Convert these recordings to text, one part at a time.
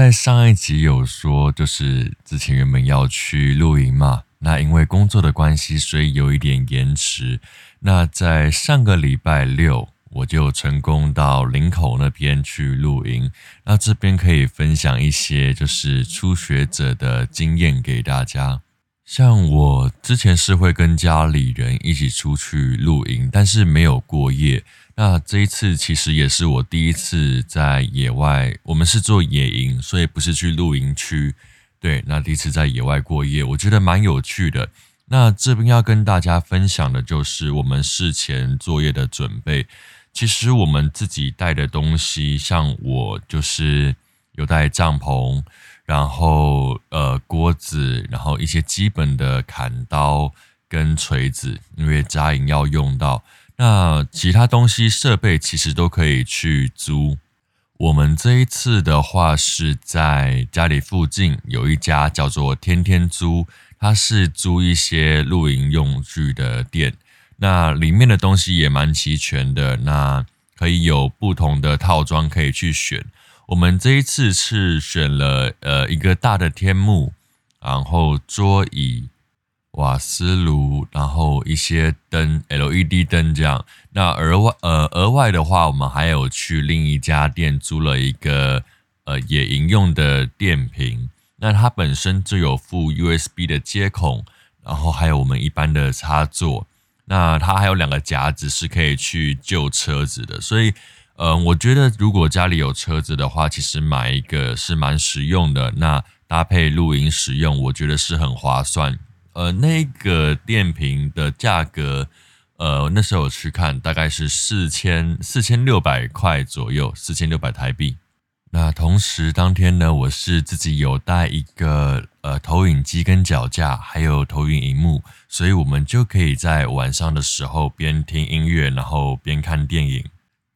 在上一集有說，就是之前原本要去露營嘛，那因為工作的關係，所以有一點延遲。那在上個禮拜六，我就成功到林口那邊去露營。那這邊可以分享一些就是初學者的經驗給大家。像我之前是會跟家裡人一起出去露營，但是沒有過夜。那這一次其實也是我第一次在野外，我們是做野營，所以不是去露營區。對，那第一次在野外過夜，我覺得蠻有趣的。那這邊要跟大家分享的就是我們事前作業的準備。其實我們自己帶的東西，像我就是。有帶帳篷，然後呃鍋子，然後一些基本的砍刀跟錘子，因為紮營要用到。那其他東西設備其實都可以去租。我們這一次的話是在家裡附近有一家叫做“天天租”，它是租一些露營用具的店。那裡面的東西也蠻齊全的，那可以有不同的套裝可以去選。我們這一次是選了呃一個大的天幕，然後桌椅、瓦斯爐，然後一些燈 LED 燈這樣。那額外呃額外的話，我們還有去另一家店租了一個呃野營用的電瓶。那它本身就有附 USB 的接孔，然後還有我們一般的插座。那它還有兩個夾子是可以去救車子的，所以。嗯、呃，我覺得如果家裡有車子的話，其實買一個是蠻實用的。那搭配露營使用，我覺得是很划算。呃，那個電瓶的價格，呃，那時候我去看，大概是四千四千六百塊左右，四千六百台幣。那同時當天呢，我是自己有帶一個呃投影機跟腳架，還有投影螢幕，所以我們就可以在晚上的時候邊聽音樂，然後邊看電影。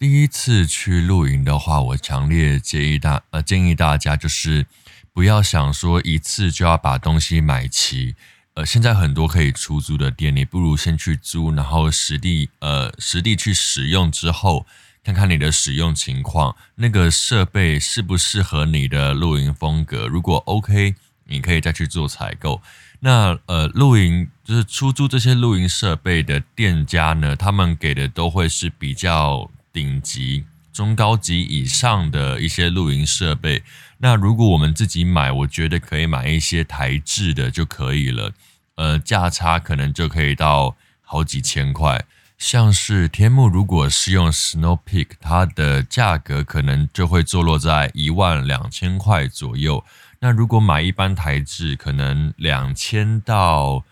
第一次去露營的話，我強烈建議大呃建議大家就是不要想說一次就要把東西買齊。呃，現在很多可以出租的店，你不如先去租，然後實地呃實地去使用之後，看看你的使用情況，那個設備適不適合你的露營風格。如果 OK，你可以再去做採購。那呃，露營就是出租這些露營設備的店家呢，他們給的都會是比較。頂級、中高級以上的一些露營設備，那如果我們自己買，我覺得可以買一些台制的就可以了。呃，價差可能就可以到好幾千塊。像是天幕，如果是用 Snow Peak，它的價格可能就會坐落在一萬兩千塊左右。那如果買一般台制，可能兩千到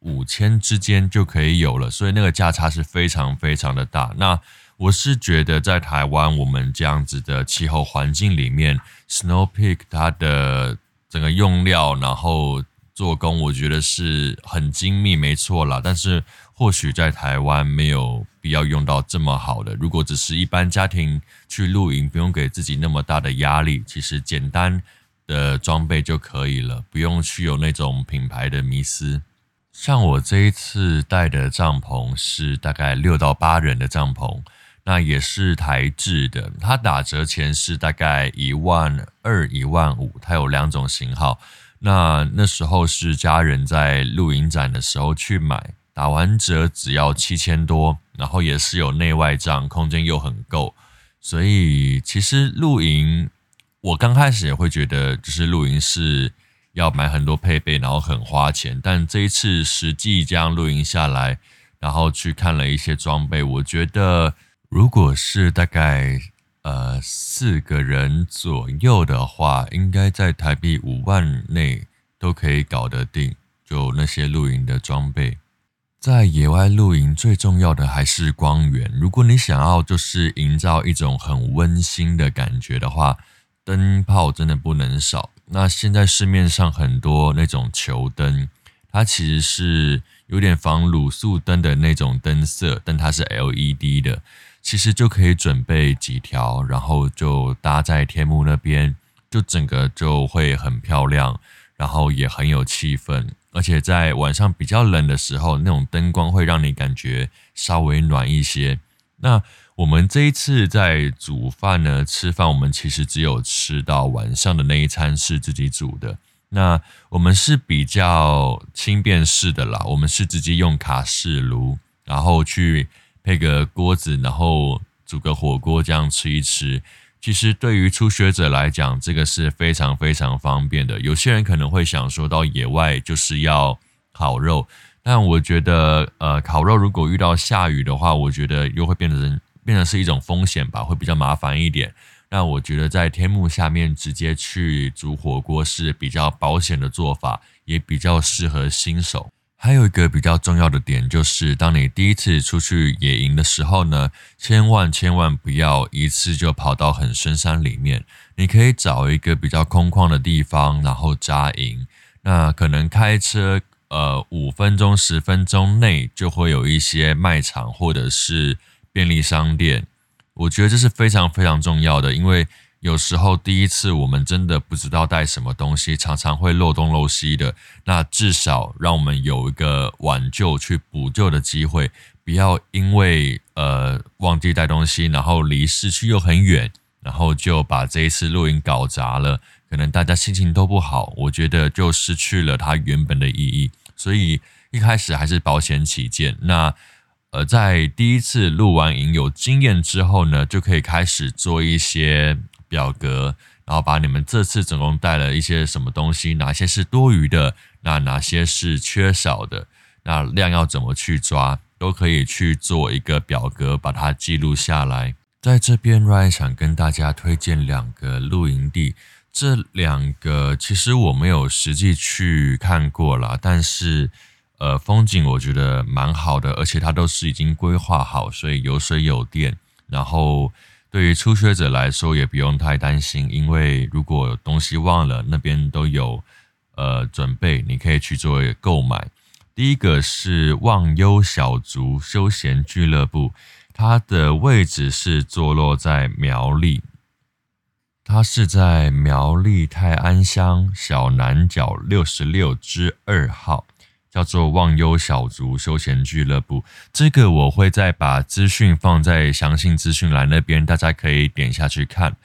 五千之間就可以有了，所以那個價差是非常非常的大。那我是覺得在台灣，我們這樣子的氣候環境裡面，Snow Peak 它的整個用料，然後做工，我覺得是很精密，沒錯啦。但是或許在台灣沒有必要用到這麼好的。如果只是一般家庭去露營，不用給自己那麼大的壓力，其實簡單的裝備就可以了，不用去有那種品牌的迷思。像我這一次帶的帳篷是大概六到八人的帳篷。那也是台製的，它打折前是大概一萬二一萬五，它有兩種型號。那那時候是家人在露營展的時候去買，打完折只要七千多，然後也是有內外帳，空間又很夠。所以其實露營，我剛開始也會覺得，就是露營是要買很多配備，然後很花錢。但這一次實際這樣露營下來，然後去看了一些裝備，我覺得。如果是大概呃四個人左右的話，應該在台幣五萬內都可以搞得定，就那些露營的裝備。在野外露營最重要的還是光源。如果你想要就是營造一種很溫馨的感覺的話，燈泡真的不能少。那現在市面上很多那種球燈，它其實是有點仿鹵素燈的那種燈色，但它是 LED 的。其實就可以準備幾條，然後就搭在天幕那邊，就整個就會很漂亮，然後也很有氣氛。而且在晚上比較冷的時候，那種燈光會讓你感覺稍微暖一些。那我們這一次在煮飯呢，吃飯我們其實只有吃到晚上的那一餐是自己煮的。那我們是比較輕便式的啦，我們是直接用卡式爐，然後去。那個鍋子，然後煮個火鍋這樣吃一吃，其實對於初學者來講，這個是非常非常方便的。有些人可能會想說，到野外就是要烤肉，但我覺得，呃，烤肉如果遇到下雨的話，我覺得又會變成變成是一種風險吧，會比較麻煩一點。那我覺得在天幕下面直接去煮火鍋是比較保險的做法，也比較適合新手。還有一個比較重要的點，就是當你第一次出去野營的時候呢，千萬千萬不要一次就跑到很深山裡面。你可以找一個比較空曠的地方，然後紮營。那可能開車，呃，五分鐘、十分鐘內就會有一些賣場或者是便利商店。我覺得這是非常非常重要的，因為。有時候第一次我們真的不知道帶什麼東西，常常會漏東漏西的。那至少讓我們有一個挽救、去補救的機會，不要因為呃忘記帶東西，然後離市區又很遠，然後就把這一次露營搞砸了。可能大家心情都不好，我覺得就失去了它原本的意義。所以一開始還是保險起見，那呃在第一次露完營有經驗之後呢，就可以開始做一些。表格，然後把你們這次總共帶了一些什麼東西，哪些是多餘的，那哪些是缺少的，那量要怎麼去抓，都可以去做一個表格，把它記錄下來。在這邊 Ryan 想跟大家推薦兩個露營地，這兩個其實我沒有實際去看過了，但是呃，風景我覺得蠻好的，而且它都是已經規劃好，所以有水有電，然後。對於初學者來說，也不用太擔心，因為如果東西忘了，那邊都有呃準備，你可以去做購買。第一個是忘憂小築休閒俱樂部，它的位置是坐落在苗栗，它是在苗栗泰安鄉小南角六十六之二號。叫做忘憂小築休閒俱樂部，這個我會再把資訊放在詳細資訊欄那邊，大家可以點下去看。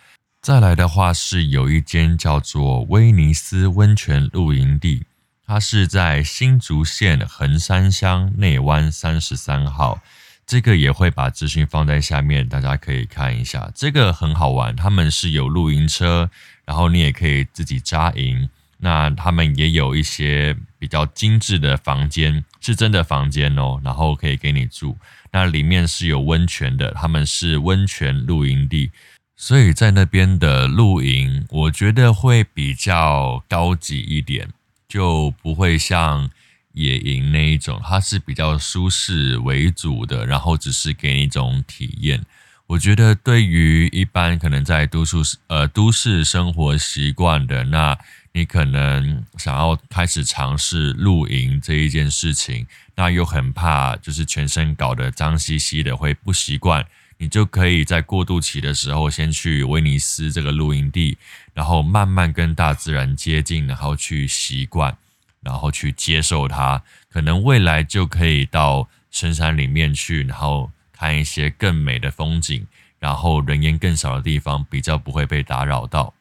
再來的話是有一間叫做威尼斯溫泉露營地，它是在新竹縣橫山鄉內灣三十三號，這個也會把資訊放在下面，大家可以看一下。這個很好玩，他們是有露營車，然後你也可以自己紮營。那他們也有一些比較精緻的房間，是真的房間哦，然後可以給你住。那裡面是有溫泉的，他們是溫泉露營地，所以在那邊的露營，我覺得會比較高級一點，就不會像野營那一種，它是比較舒適為主的，然後只是給你一種體驗。我覺得對於一般可能在都市，呃，都市生活習慣的那。你可能想要開始嘗試露營這一件事情，那又很怕就是全身搞得髒兮兮的會不習慣，你就可以在過渡期的時候先去威尼斯這個露營地，然後慢慢跟大自然接近，然後去習慣，然後去接受它，可能未來就可以到深山裡面去，然後看一些更美的風景，然後人煙更少的地方，比較不會被打擾到。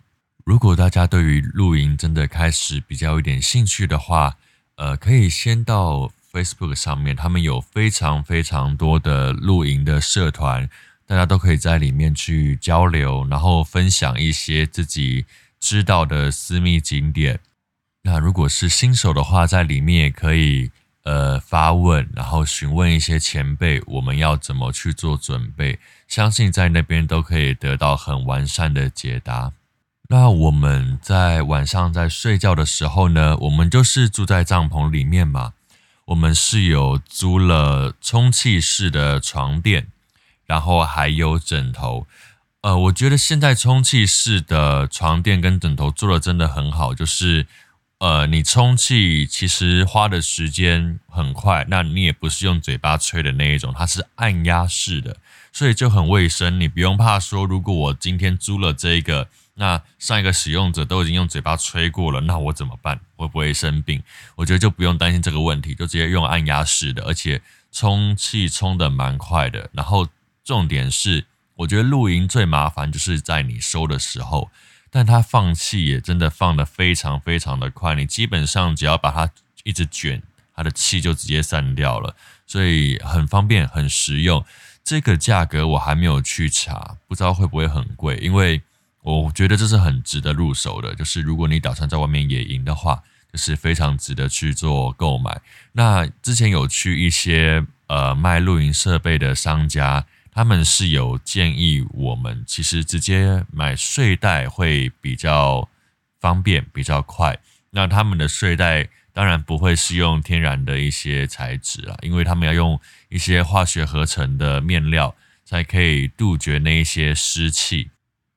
如果大家對於露營真的開始比較有點興趣的話，呃，可以先到 Facebook 上面，他們有非常非常多的露營的社團，大家都可以在裡面去交流，然後分享一些自己知道的私密景點。那如果是新手的話，在裡面也可以呃發問，然後詢問一些前輩，我們要怎麼去做準備，相信在那邊都可以得到很完善的解答。那我們在晚上在睡覺的時候呢，我們就是住在帳篷裡面嘛。我們是有租了充氣式的床墊，然後還有枕頭。呃，我覺得現在充氣式的床墊跟枕頭做得真的很好，就是呃，你充氣其實花的時間很快，那你也不是用嘴巴吹的那一種，它是按壓式的，所以就很衛生，你不用怕說，如果我今天租了這個。那上一個使用者都已經用嘴巴吹過了，那我怎麼辦？會不會生病？我覺得就不用擔心這個問題，就直接用按壓式的，而且充氣充得蠻快的。然後重點是，我覺得露營最麻煩就是在你收的時候，但它放氣也真的放得非常非常的快。你基本上只要把它一直捲，它的氣就直接散掉了，所以很方便很實用。這個價格我還沒有去查，不知道會不會很貴，因為。我覺得這是很值得入手的，就是如果你打算在外面野營的話，就是非常值得去做購買。那之前有去一些呃賣露營設備的商家，他們是有建議我們其實直接買睡袋會比較方便、比較快。那他們的睡袋當然不會是用天然的一些材質啊，因為他們要用一些化學合成的面料，才可以杜絕那一些濕氣。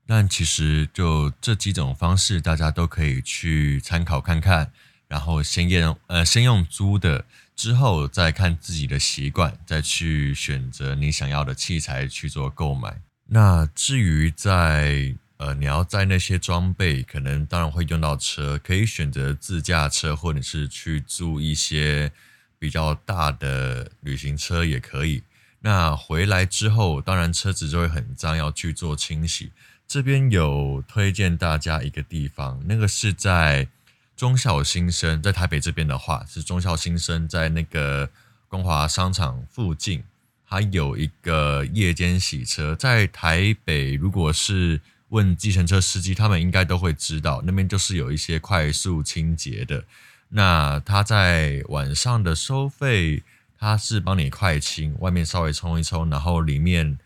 但其實就這幾種方式，大家都可以去參考看看。然後先用呃先用租的，之後再看自己的習慣，再去選擇你想要的器材去做購買。那至於在呃你要載那些裝備，可能當然會用到車，可以選擇自駕車，或者是去租一些比較大的旅行車也可以。那回來之後，當然車子就會很髒，要去做清洗。這邊有推薦大家一個地方，那個是在忠孝新生，在台北這邊的話，是忠孝新生在那個光華商場附近，它有一個夜間洗車。在台北，如果是問計程車司機，他們應該都會知道，那邊就是有一些快速清潔的。那它在晚上的收費，它是幫你快清，外面稍微沖一沖，然後裡面。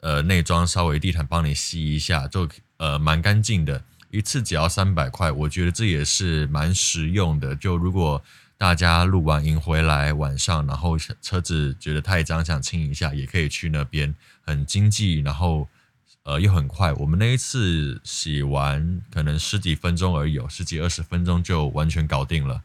呃，內裝稍微地毯幫你吸一下，就呃蠻乾淨的，一次只要三百塊，我覺得這也是蠻實用的。就如果大家露完營回來晚上，然後車子覺得太髒想清一下，也可以去那邊，很經濟，然後呃又很快。我們那一次洗完可能十幾分鐘而已，十幾二十分鐘就完全搞定了。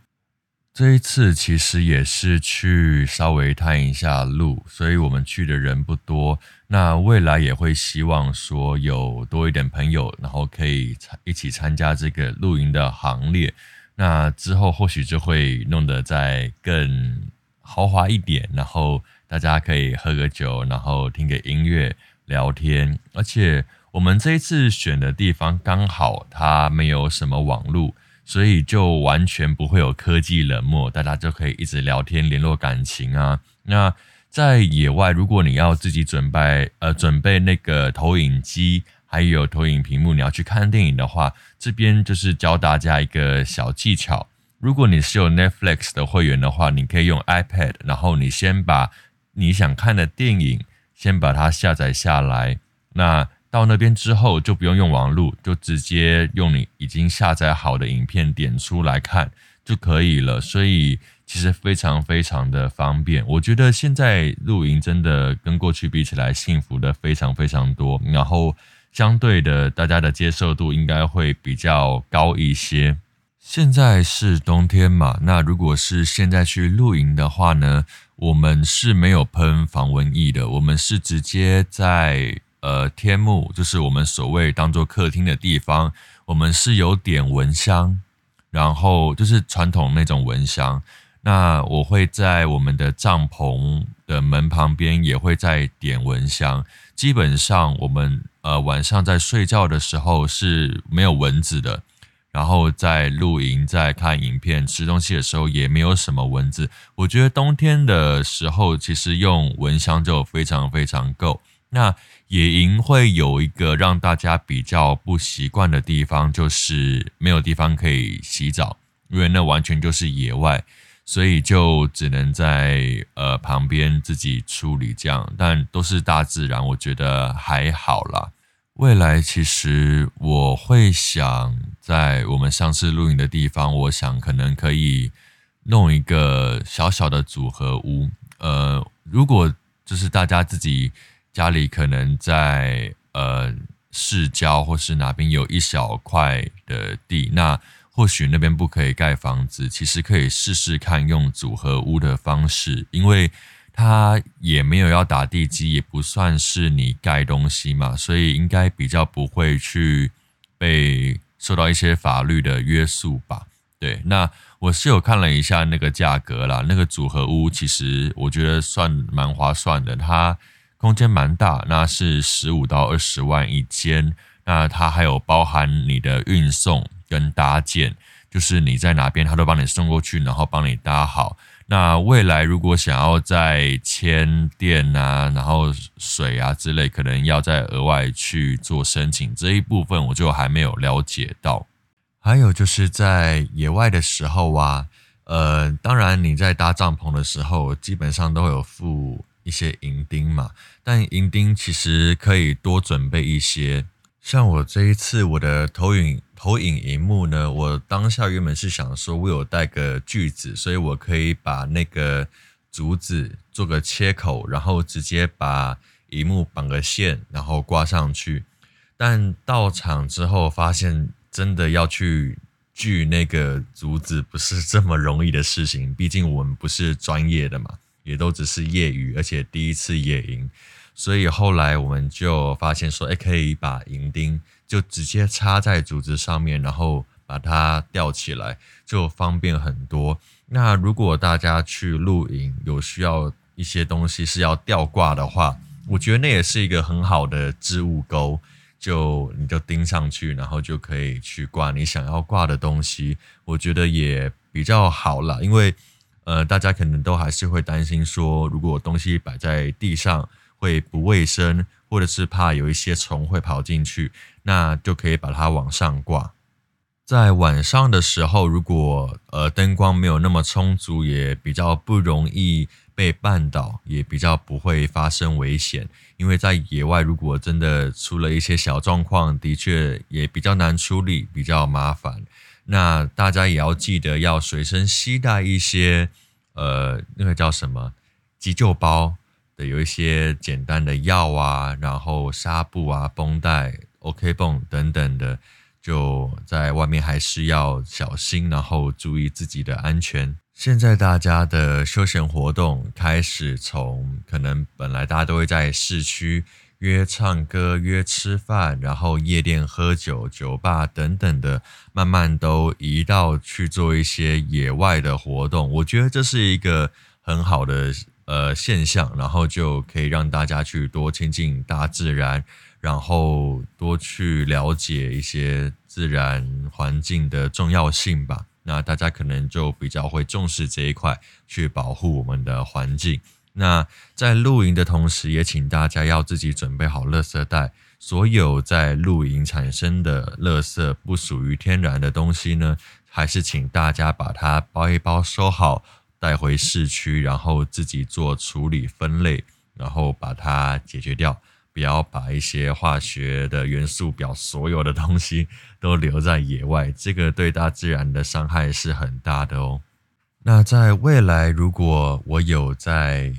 這一次其實也是去稍微探一下路，所以我們去的人不多。那未來也會希望說有多一點朋友，然後可以一起參加這個露營的行列。那之後或許就會弄得再更豪華一點，然後大家可以喝個酒，然後聽個音樂、聊天。而且我們這一次選的地方剛好它沒有什麼網路。所以就完全不會有科技冷漠，大家就可以一直聊天聯絡感情啊。那在野外，如果你要自己準備，呃，準備那個投影機還有投影屏幕，你要去看電影的話，這邊就是教大家一個小技巧。如果你是有 Netflix 的會員的話，你可以用 iPad，然後你先把你想看的電影先把它下載下來。那。到那邊之後就不用用網路，就直接用你已經下載好的影片點出來看就可以了。所以其實非常非常的方便。我覺得現在露營真的跟過去比起來，幸福的非常非常多。然後相對的，大家的接受度應該會比較高一些。現在是冬天嘛，那如果是現在去露營的話呢，我們是沒有噴防蚊液的，我們是直接在。呃，天幕就是我們所謂當做客廳的地方，我們是有點蚊香，然後就是傳統那種蚊香。那我會在我們的帳篷的門旁邊也會再點蚊香。基本上，我們呃晚上在睡覺的時候是沒有蚊子的，然後在露營、在看影片、吃東西的時候也沒有什麼蚊子。我覺得冬天的時候，其實用蚊香就非常非常夠。那野營會有一個讓大家比較不習慣的地方，就是沒有地方可以洗澡，因為那完全就是野外，所以就只能在呃旁邊自己處理這樣。但都是大自然，我覺得還好啦。未來其實我會想在我們上次露營的地方，我想可能可以弄一個小小的組合屋。呃，如果就是大家自己，家裡可能在呃市郊、或是哪邊有一小塊的地，那或許那邊不可以蓋房子，其實可以試試看用組合屋的方式，因為它也沒有要打地基，也不算是你蓋東西嘛，所以應該比較不會去被受到一些法律的約束吧。對，那我是有看了一下那個價格啦，那個組合屋其實我覺得算蠻划算的，它。空間蠻大，那是十五到二十萬一間，那它還有包含你的運送跟搭建，就是你在哪邊，它都幫你送過去，然後幫你搭好。那未來如果想要再牽電啊，然後水啊之類，可能要再額外去做申請，這一部分我就還沒有了解到。還有就是在野外的時候啊，呃，當然你在搭帳篷的時候，基本上都有附。一些營釘嘛，但營釘其實可以多準備一些。像我這一次，我的投影投影銀幕呢，我當下原本是想說，為我有帶個鋸子，所以我可以把那個竹子做個切口，然後直接把銀幕綁個線，然後掛上去。但到場之後發現，真的要去鋸那個竹子不是這麼容易的事情，畢竟我們不是專業的嘛。也都只是業餘，而且第一次野營，所以後來我們就發現說，誒，可以把營釘就直接插在竹子上面，然後把它吊起來，就方便很多。那如果大家去露營，有需要一些東西是要吊掛的話，我覺得那也是一個很好的置物鈎，就你就釘上去，然後就可以去掛你想要掛的東西，我覺得也比較好啦，因為。呃，大家可能都還是會擔心說，如果東西擺在地上會不衛生，或者是怕有一些蟲會跑進去，那就可以把它往上掛。在晚上的時候，如果呃燈光沒有那麼充足，也比較不容易被絆倒，也比較不會發生危險。因為在野外，如果真的出了一些小狀況，的確也比較難處理，比較麻煩。那大家也要記得要隨身攜帶一些，呃，那個叫什麼急救包的，有一些簡單的藥啊，然後紗布啊、繃帶、OK 繃等等的，就在外面還是要小心，然後注意自己的安全。現在大家的休閒活動開始從可能本來大家都會在市區。約唱歌、約吃飯，然後夜店喝酒、酒吧等等的，慢慢都移到去做一些野外的活動。我覺得這是一個很好的呃現象，然後就可以讓大家去多親近大自然，然後多去了解一些自然環境的重要性吧。那大家可能就比較會重視這一塊，去保護我們的環境。那在露營的同時，也請大家要自己準備好垃圾袋。所有在露營產生的垃圾，不屬於天然的東西呢，還是請大家把它包一包，收好，帶回市區，然後自己做處理分類，然後把它解決掉。不要把一些化學的元素表所有的東西都留在野外，這個對大自然的傷害是很大的哦。那在未來，如果我有在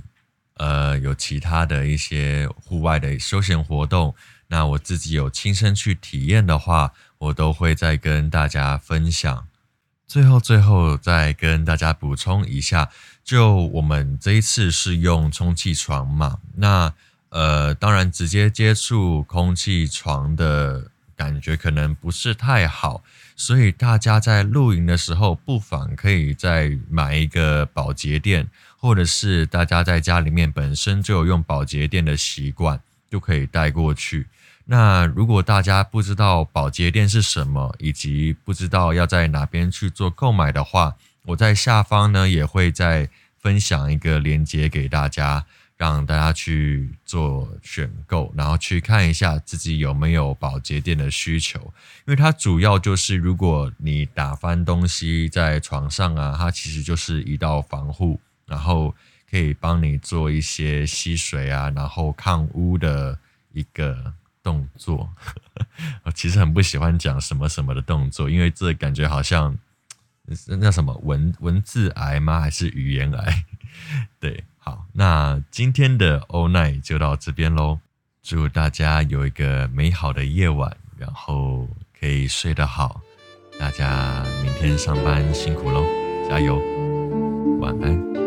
呃，有其他的一些戶外的休閒活動，那我自己有親身去體驗的話，我都會再跟大家分享。最後，最後再跟大家補充一下，就我們這一次是用充氣床嘛，那呃，當然直接接觸空氣床的感覺可能不是太好，所以大家在露營的時候，不妨可以再買一個保潔墊。或者是大家在家裡面本身就有用保潔墊的習慣，就可以帶過去。那如果大家不知道保潔墊是什麼，以及不知道要在哪邊去做購買的話，我在下方呢也會再分享一個鏈接給大家，讓大家去做選購，然後去看一下自己有沒有保潔墊的需求。因為它主要就是，如果你打翻東西在床上啊，它其實就是一道防護。然後可以幫你做一些吸水啊，然後抗汙的一個動作。我其實很不喜歡講什麼什麼的動作，因為這感覺好像那什麼文文字癌嗎？還是語言癌？對，好，那今天的 OWL NIGHT 就到這邊嘍。祝大家有一個美好的夜晚，然後可以睡得好。大家明天上班辛苦嘍，加油！晚安。